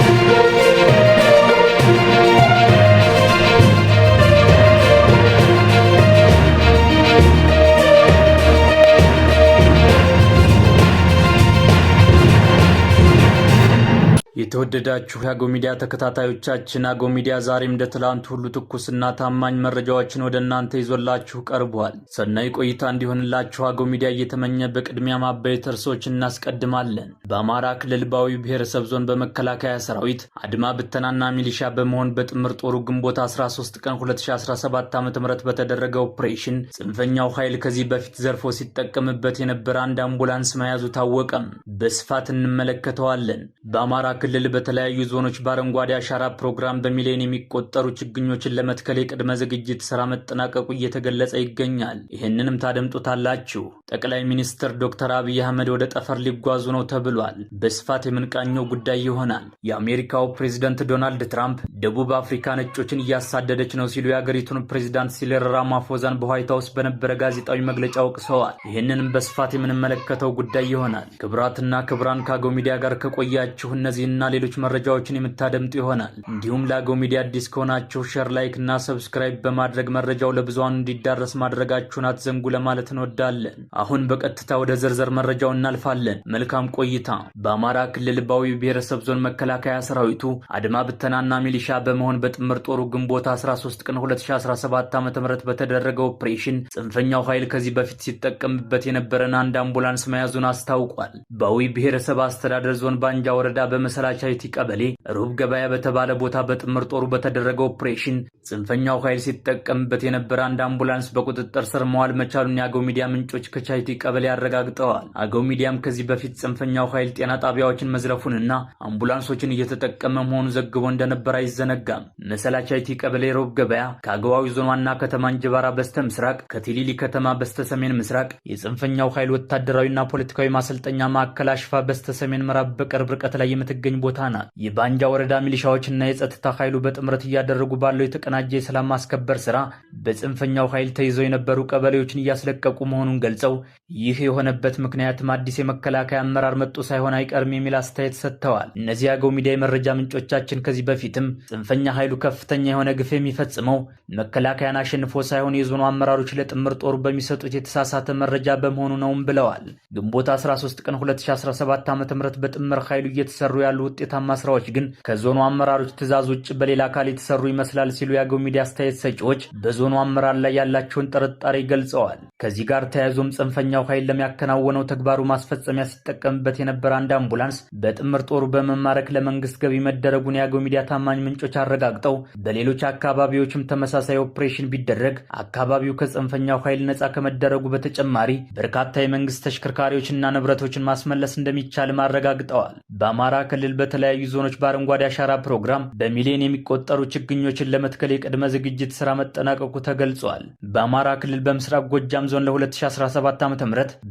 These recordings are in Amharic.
Música የተወደዳችሁ የአገው ሚዲያ ተከታታዮቻችን አጎ ሚዲያ ዛሬም እንደ ትላንት ሁሉ ትኩስና ታማኝ መረጃዎችን ወደ እናንተ ይዞላችሁ ቀርቧል። ሰናይ ቆይታ እንዲሆንላችሁ አጎ ሚዲያ እየተመኘ በቅድሚያ ማበይት ርዕሶች እናስቀድማለን። በአማራ ክልል ባዊ ብሔረሰብ ዞን በመከላከያ ሰራዊት አድማ ብተናና ሚሊሻ በመሆን በጥምር ጦሩ ግንቦት 13 ቀን 2017 ዓ ም በተደረገ ኦፕሬሽን ጽንፈኛው ኃይል ከዚህ በፊት ዘርፎ ሲጠቀምበት የነበረ አንድ አምቡላንስ መያዙ ታወቀም። በስፋት እንመለከተዋለን። በአማራ ክልል ክልል በተለያዩ ዞኖች በአረንጓዴ አሻራ ፕሮግራም በሚሊዮን የሚቆጠሩ ችግኞችን ለመትከል የቅድመ ዝግጅት ስራ መጠናቀቁ እየተገለጸ ይገኛል። ይህንንም ታደምጡታላችሁ። ጠቅላይ ሚኒስትር ዶክተር አብይ አህመድ ወደ ጠፈር ሊጓዙ ነው ተብሏል። በስፋት የምንቃኘው ጉዳይ ይሆናል። የአሜሪካው ፕሬዚደንት ዶናልድ ትራምፕ ደቡብ አፍሪካ ነጮችን እያሳደደች ነው ሲሉ የአገሪቱን ፕሬዚዳንት ሲሪል ራማፎዛን በዋይት ሀውስ በነበረ ጋዜጣዊ መግለጫ ወቅሰዋል። ይህንንም በስፋት የምንመለከተው ጉዳይ ይሆናል። ክብራትና ክብራን ከአገው ሚዲያ ጋር ከቆያችሁ እነዚህና ሌሎች መረጃዎችን የምታደምጡ ይሆናል። እንዲሁም ለአገው ሚዲያ አዲስ ከሆናችሁ ሸር፣ ላይክ እና ሰብስክራይብ በማድረግ መረጃው ለብዙሃኑ እንዲዳረስ ማድረጋችሁን አትዘንጉ ለማለት እንወዳለን። አሁን በቀጥታ ወደ ዝርዝር መረጃው እናልፋለን። መልካም ቆይታ። በአማራ ክልል ባዊ ብሔረሰብ ዞን መከላከያ ሰራዊቱ አድማ ብተናና ሚሊሻ በመሆን በጥምር ጦሩ ግንቦት 13 ቀን 2017 ዓ ም በተደረገው ኦፕሬሽን ጽንፈኛው ኃይል ከዚህ በፊት ሲጠቀምበት የነበረን አንድ አምቡላንስ መያዙን አስታውቋል። ባዊ ብሔረሰብ አስተዳደር ዞን ባንጃ ወረዳ በመሰላ ሻሸቲ ቀበሌ ሩብ ገበያ በተባለ ቦታ በጥምር ጦሩ በተደረገ ኦፕሬሽን ጽንፈኛው ኃይል ሲጠቀምበት የነበረ አንድ አምቡላንስ በቁጥጥር ስር መዋል መቻሉን የአገው ሚዲያ ምንጮች ከቻይቲ ቀበሌ አረጋግጠዋል። አገው ሚዲያም ከዚህ በፊት ጽንፈኛው ኃይል ጤና ጣቢያዎችን መዝረፉንና አምቡላንሶችን እየተጠቀመ መሆኑን ዘግቦ እንደነበር አይዘነጋም። መሰላ ሻሸቲ ቀበሌ ሩብ ገበያ ከአገዋዊ ዞን ዋና ከተማ እንጅባራ በስተ ምስራቅ ከቲሊሊ ከተማ በስተ ሰሜን ምስራቅ የጽንፈኛው ኃይል ወታደራዊና ፖለቲካዊ ማሰልጠኛ ማዕከል አሽፋ በስተ ሰሜን ምዕራብ በቅርብ ርቀት ላይ የምትገኝ ቦታ ናት። የባንጃ ወረዳ ሚሊሻዎችና የጸጥታ ኃይሉ በጥምረት እያደረጉ ባለው የተቀናጀ የሰላም ማስከበር ስራ በጽንፈኛው ኃይል ተይዘው የነበሩ ቀበሌዎችን እያስለቀቁ መሆኑን ገልጸው ይህ የሆነበት ምክንያትም አዲስ የመከላከያ አመራር መጡ ሳይሆን አይቀርም የሚል አስተያየት ሰጥተዋል። እነዚህ አገው ሚዲያ የመረጃ ምንጮቻችን ከዚህ በፊትም ጽንፈኛ ኃይሉ ከፍተኛ የሆነ ግፍ የሚፈጽመው መከላከያን አሸንፎ ሳይሆን የዞኑ አመራሮች ለጥምር ጦሩ በሚሰጡት የተሳሳተ መረጃ በመሆኑ ነውም ብለዋል። ግንቦት 13 ቀን 2017 ዓ ም በጥምር ኃይሉ እየተሰሩ ያሉ ውጤታማ ስራዎች ግን ከዞኑ አመራሮች ትዕዛዝ ውጭ በሌላ አካል የተሰሩ ይመስላል ሲሉ የአገው ሚዲያ አስተያየት ሰጪዎች በዞኑ አመራር ላይ ያላቸውን ጥርጣሬ ገልጸዋል። ከዚህ ጋር ተያይዞም ጽንፈኛው ኃይል ለሚያከናወነው ተግባሩ ማስፈጸሚያ ሲጠቀምበት የነበረ አንድ አምቡላንስ በጥምር ጦሩ በመማረክ ለመንግስት ገቢ መደረጉን የአገው ሚዲያ ታማኝ ምንጮች አረጋግጠው በሌሎች አካባቢዎችም ተመሳሳይ ኦፕሬሽን ቢደረግ አካባቢው ከጽንፈኛው ኃይል ነጻ ከመደረጉ በተጨማሪ በርካታ የመንግስት ተሽከርካሪዎችና ንብረቶችን ማስመለስ እንደሚቻልም አረጋግጠዋል። በአማራ ክልል በተለያዩ ዞኖች በአረንጓዴ አሻራ ፕሮግራም በሚሊዮን የሚቆጠሩ ችግኞችን ለመትከል የቅድመ ዝግጅት ስራ መጠናቀቁ ተገልጿል። በአማራ ክልል በምስራቅ ጎጃም ዞን ለ2017 ዓ ም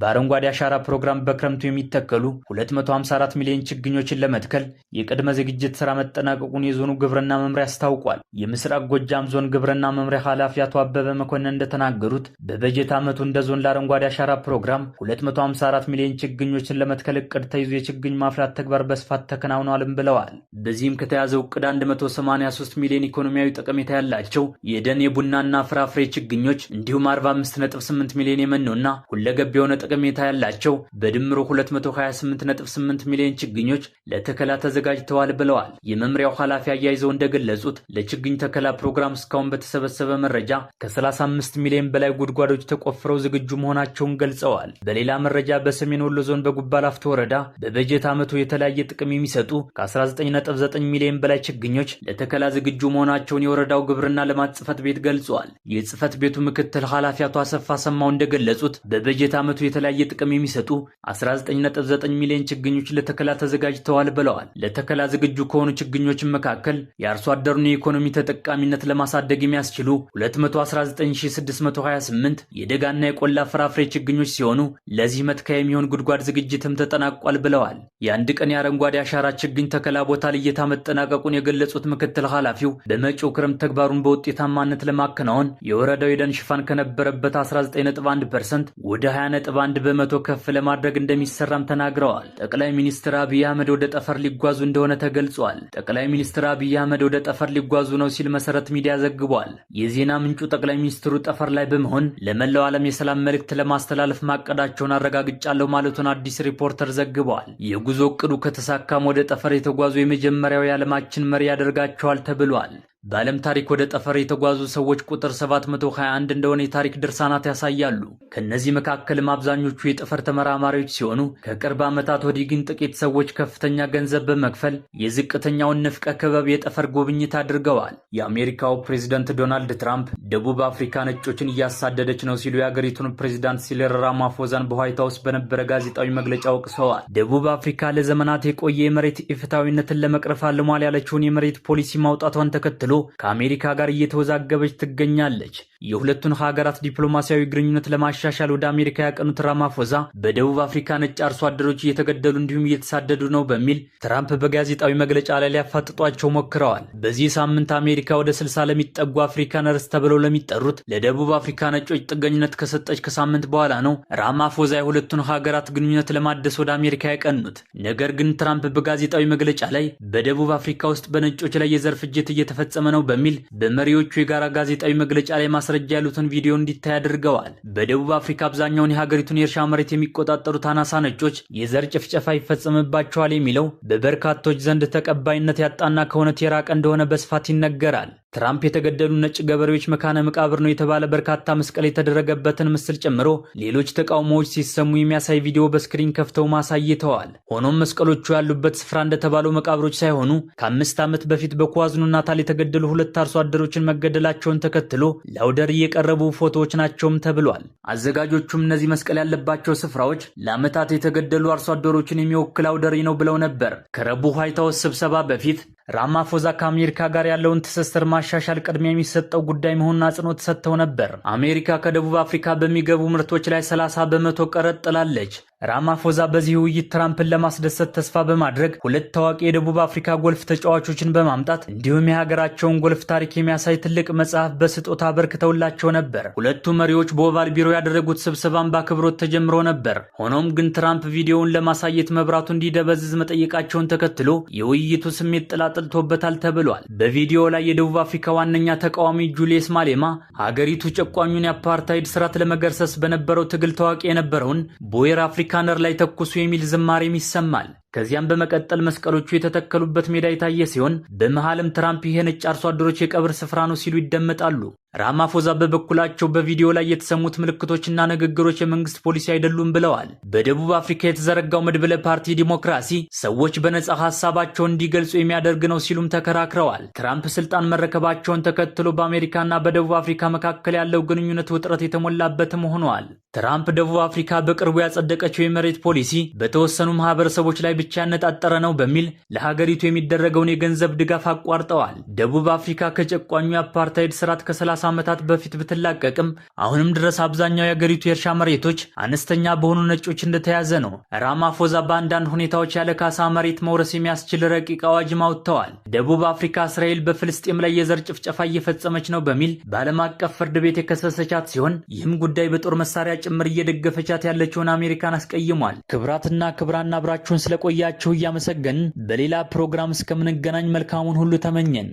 በአረንጓዴ አሻራ ፕሮግራም በክረምቱ የሚተከሉ 254 ሚሊዮን ችግኞችን ለመትከል የቅድመ ዝግጅት ስራ መጠናቀቁን የዞኑ ግብርና መምሪያ አስታውቋል። የምስራቅ ጎጃም ዞን ግብርና መምሪያ ኃላፊ አቶ አበበ መኮንን እንደተናገሩት በበጀት ዓመቱ እንደ ዞን ለአረንጓዴ አሻራ ፕሮግራም 254 ሚሊዮን ችግኞችን ለመትከል እቅድ ተይዞ የችግኝ ማፍላት ተግባር በስፋት ተከናው ተከናውኗልም ብለዋል። በዚህም ከተያዘው እቅድ 183 ሚሊዮን ኢኮኖሚያዊ ጠቀሜታ ያላቸው የደን የቡናና ፍራፍሬ ችግኞች እንዲሁም 458 ሚሊዮን የመኖና ሁለገብ የሆነ ጠቀሜታ ያላቸው በድምሮ 228.8 ሚሊዮን ችግኞች ለተከላ ተዘጋጅተዋል ብለዋል። የመምሪያው ኃላፊ አያይዘው እንደገለጹት ለችግኝ ተከላ ፕሮግራም እስካሁን በተሰበሰበ መረጃ ከ35 ሚሊዮን በላይ ጉድጓዶች ተቆፍረው ዝግጁ መሆናቸውን ገልጸዋል። በሌላ መረጃ በሰሜን ወሎ ዞን በጉባ ወረዳ በበጀት ዓመቱ የተለያየ ጥቅም የሚሰጡ የተገለጡ ከ19.9 ሚሊዮን በላይ ችግኞች ለተከላ ዝግጁ መሆናቸውን የወረዳው ግብርና ልማት ጽህፈት ቤት ገልጸዋል። የጽሕፈት ቤቱ ምክትል ኃላፊ አቶ አሰፋ ሰማው እንደገለጹት በበጀት ዓመቱ የተለያየ ጥቅም የሚሰጡ 19.9 ሚሊዮን ችግኞች ለተከላ ተዘጋጅተዋል ብለዋል። ለተከላ ዝግጁ ከሆኑ ችግኞች መካከል የአርሶ አደሩን የኢኮኖሚ ተጠቃሚነት ለማሳደግ የሚያስችሉ 219628 የደጋና የቆላ ፍራፍሬ ችግኞች ሲሆኑ ለዚህ መትከያ የሚሆን ጉድጓድ ዝግጅትም ተጠናቋል ብለዋል። የአንድ ቀን የአረንጓዴ አሻራ ችግኝ ተከላ ቦታ ልየታ መጠናቀቁን የገለጹት ምክትል ኃላፊው በመጪው ክረምት ተግባሩን በውጤታማነት ለማከናወን የወረዳው የደን ሽፋን ከነበረበት 19.1 ፐርሰንት ወደ 20.1 በመቶ ከፍ ለማድረግ እንደሚሰራም ተናግረዋል። ጠቅላይ ሚኒስትር አብይ አህመድ ወደ ጠፈር ሊጓዙ እንደሆነ ተገልጿል። ጠቅላይ ሚኒስትር አብይ አህመድ ወደ ጠፈር ሊጓዙ ነው ሲል መሰረት ሚዲያ ዘግቧል። የዜና ምንጩ ጠቅላይ ሚኒስትሩ ጠፈር ላይ በመሆን ለመላው ዓለም የሰላም መልእክት ለማስተላለፍ ማቀዳቸውን አረጋግጫለሁ ማለቱን አዲስ ሪፖርተር ዘግቧል። የጉዞ እቅዱ ከተሳካም ወደ ጠፈር የተጓዙ የመጀመሪያው የዓለማችን መሪ ያደርጋቸዋል ተብሏል። በዓለም ታሪክ ወደ ጠፈር የተጓዙ ሰዎች ቁጥር 721 እንደሆነ የታሪክ ድርሳናት ያሳያሉ። ከእነዚህ መካከልም አብዛኞቹ የጠፈር ተመራማሪዎች ሲሆኑ ከቅርብ ዓመታት ወዲህ ግን ጥቂት ሰዎች ከፍተኛ ገንዘብ በመክፈል የዝቅተኛውን ንፍቀ ክበብ የጠፈር ጉብኝት አድርገዋል። የአሜሪካው ፕሬዚደንት ዶናልድ ትራምፕ ደቡብ አፍሪካ ነጮችን እያሳደደች ነው ሲሉ የአገሪቱን ፕሬዚዳንት ሲሪል ራማፎዛን በዋይት ሃውስ በነበረ ጋዜጣዊ መግለጫ ወቅሰዋል። ደቡብ አፍሪካ ለዘመናት የቆየ የመሬት ኢፍታዊነትን ለመቅረፍ አልሟል ያለችውን የመሬት ፖሊሲ ማውጣቷን ተከትሎ ተከትሎ ከአሜሪካ ጋር እየተወዛገበች ትገኛለች። የሁለቱን ሀገራት ዲፕሎማሲያዊ ግንኙነት ለማሻሻል ወደ አሜሪካ ያቀኑት ራማፎዛ በደቡብ አፍሪካ ነጭ አርሶ አደሮች እየተገደሉ እንዲሁም እየተሳደዱ ነው በሚል ትራምፕ በጋዜጣዊ መግለጫ ላይ ሊያፋጥጧቸው ሞክረዋል። በዚህ ሳምንት አሜሪካ ወደ ስልሳ ለሚጠጉ አፍሪካነርስ ተብለው ለሚጠሩት ለደቡብ አፍሪካ ነጮች ጥገኝነት ከሰጠች ከሳምንት በኋላ ነው ራማፎዛ የሁለቱን ሀገራት ግንኙነት ለማደስ ወደ አሜሪካ ያቀኑት። ነገር ግን ትራምፕ በጋዜጣዊ መግለጫ ላይ በደቡብ አፍሪካ ውስጥ በነጮች ላይ የዘር ፍጅት እየተፈጸመ ነው በሚል በመሪዎቹ የጋራ ጋዜጣዊ መግለጫ ላይ ማስረጃ ያሉትን ቪዲዮ እንዲታይ አድርገዋል። በደቡብ አፍሪካ አብዛኛውን የሀገሪቱን የእርሻ መሬት የሚቆጣጠሩት አናሳ ነጮች የዘር ጭፍጨፋ ይፈጸምባቸዋል የሚለው በበርካቶች ዘንድ ተቀባይነት ያጣና ከእውነት የራቀ እንደሆነ በስፋት ይነገራል። ትራምፕ የተገደሉ ነጭ ገበሬዎች መካነ መቃብር ነው የተባለ በርካታ መስቀል የተደረገበትን ምስል ጨምሮ ሌሎች ተቃውሞዎች ሲሰሙ የሚያሳይ ቪዲዮ በስክሪን ከፍተው ማሳይተዋል። ሆኖም መስቀሎቹ ያሉበት ስፍራ እንደተባለው መቃብሮች ሳይሆኑ ከአምስት ዓመት በፊት በኳዝኑ ናታል የተገደሉ ሁለት አርሶ አደሮችን መገደላቸውን ተከትሎ ለአውደር እየቀረቡ ፎቶዎች ናቸውም ተብሏል። አዘጋጆቹም እነዚህ መስቀል ያለባቸው ስፍራዎች ለዓመታት የተገደሉ አርሶ አደሮችን የሚወክል አውደሪ ነው ብለው ነበር። ከረቡዕ ዋይት ሃውስ ስብሰባ በፊት ራማፎዛ ከአሜሪካ ጋር ያለውን ትስስር ማሻሻል ቅድሚያ የሚሰጠው ጉዳይ መሆኑን አጽንኦት ሰጥተው ነበር። አሜሪካ ከደቡብ አፍሪካ በሚገቡ ምርቶች ላይ 30 በመቶ ቀረጥ ጥላለች። ራማፎዛ በዚህ ውይይት ትራምፕን ለማስደሰት ተስፋ በማድረግ ሁለት ታዋቂ የደቡብ አፍሪካ ጎልፍ ተጫዋቾችን በማምጣት እንዲሁም የሀገራቸውን ጎልፍ ታሪክ የሚያሳይ ትልቅ መጽሐፍ በስጦታ አበርክተውላቸው ነበር። ሁለቱ መሪዎች በኦቫል ቢሮ ያደረጉት ስብሰባን በአክብሮት ተጀምሮ ነበር። ሆኖም ግን ትራምፕ ቪዲዮውን ለማሳየት መብራቱ እንዲደበዝዝ መጠየቃቸውን ተከትሎ የውይይቱ ስሜት ጥላጥልቶበታል ተብሏል። በቪዲዮ ላይ የደቡብ አፍሪካ ዋነኛ ተቃዋሚ ጁልየስ ማሌማ ሀገሪቱ ጨቋኙን የአፓርታይድ ስርዓት ለመገርሰስ በነበረው ትግል ታዋቂ የነበረውን ቦየር አፍሪካ አሜሪካነር ላይ ተኩሱ የሚል ዝማሬም ይሰማል። ከዚያም በመቀጠል መስቀሎቹ የተተከሉበት ሜዳ የታየ ሲሆን በመሃልም ትራምፕ ይሄ ነጭ አርሶ አደሮች የቀብር ስፍራ ነው ሲሉ ይደመጣሉ። ራማፎዛ በበኩላቸው በቪዲዮ ላይ የተሰሙት ምልክቶችና ንግግሮች የመንግስት ፖሊሲ አይደሉም ብለዋል። በደቡብ አፍሪካ የተዘረጋው መድብለ ፓርቲ ዲሞክራሲ ሰዎች በነጻ ሀሳባቸውን እንዲገልጹ የሚያደርግ ነው ሲሉም ተከራክረዋል። ትራምፕ ስልጣን መረከባቸውን ተከትሎ በአሜሪካና በደቡብ አፍሪካ መካከል ያለው ግንኙነት ውጥረት የተሞላበትም ሆኗል። ትራምፕ ደቡብ አፍሪካ በቅርቡ ያጸደቀችው የመሬት ፖሊሲ በተወሰኑ ማህበረሰቦች ላይ ብቻ ያነጣጠረ ነው በሚል ለሀገሪቱ የሚደረገውን የገንዘብ ድጋፍ አቋርጠዋል። ደቡብ አፍሪካ ከጨቋኙ የአፓርታይድ ስርዓት ከ30 ዓመታት በፊት ብትላቀቅም አሁንም ድረስ አብዛኛው የሀገሪቱ የእርሻ መሬቶች አነስተኛ በሆኑ ነጮች እንደተያዘ ነው። ራማፎዛ በአንዳንድ ሁኔታዎች ያለ ካሳ መሬት መውረስ የሚያስችል ረቂቅ አዋጅም አውጥተዋል። ደቡብ አፍሪካ እስራኤል በፍልስጤም ላይ የዘር ጭፍጨፋ እየፈጸመች ነው በሚል በዓለም አቀፍ ፍርድ ቤት የከሰሰቻት ሲሆን ይህም ጉዳይ በጦር መሳሪያ ጭምር እየደገፈቻት ያለችውን አሜሪካን አስቀይሟል። ክብራትና ክብራና አብራችሁን ስለቆ ስለቆያችሁ እያመሰገን በሌላ ፕሮግራም እስከምንገናኝ መልካሙን ሁሉ ተመኘን።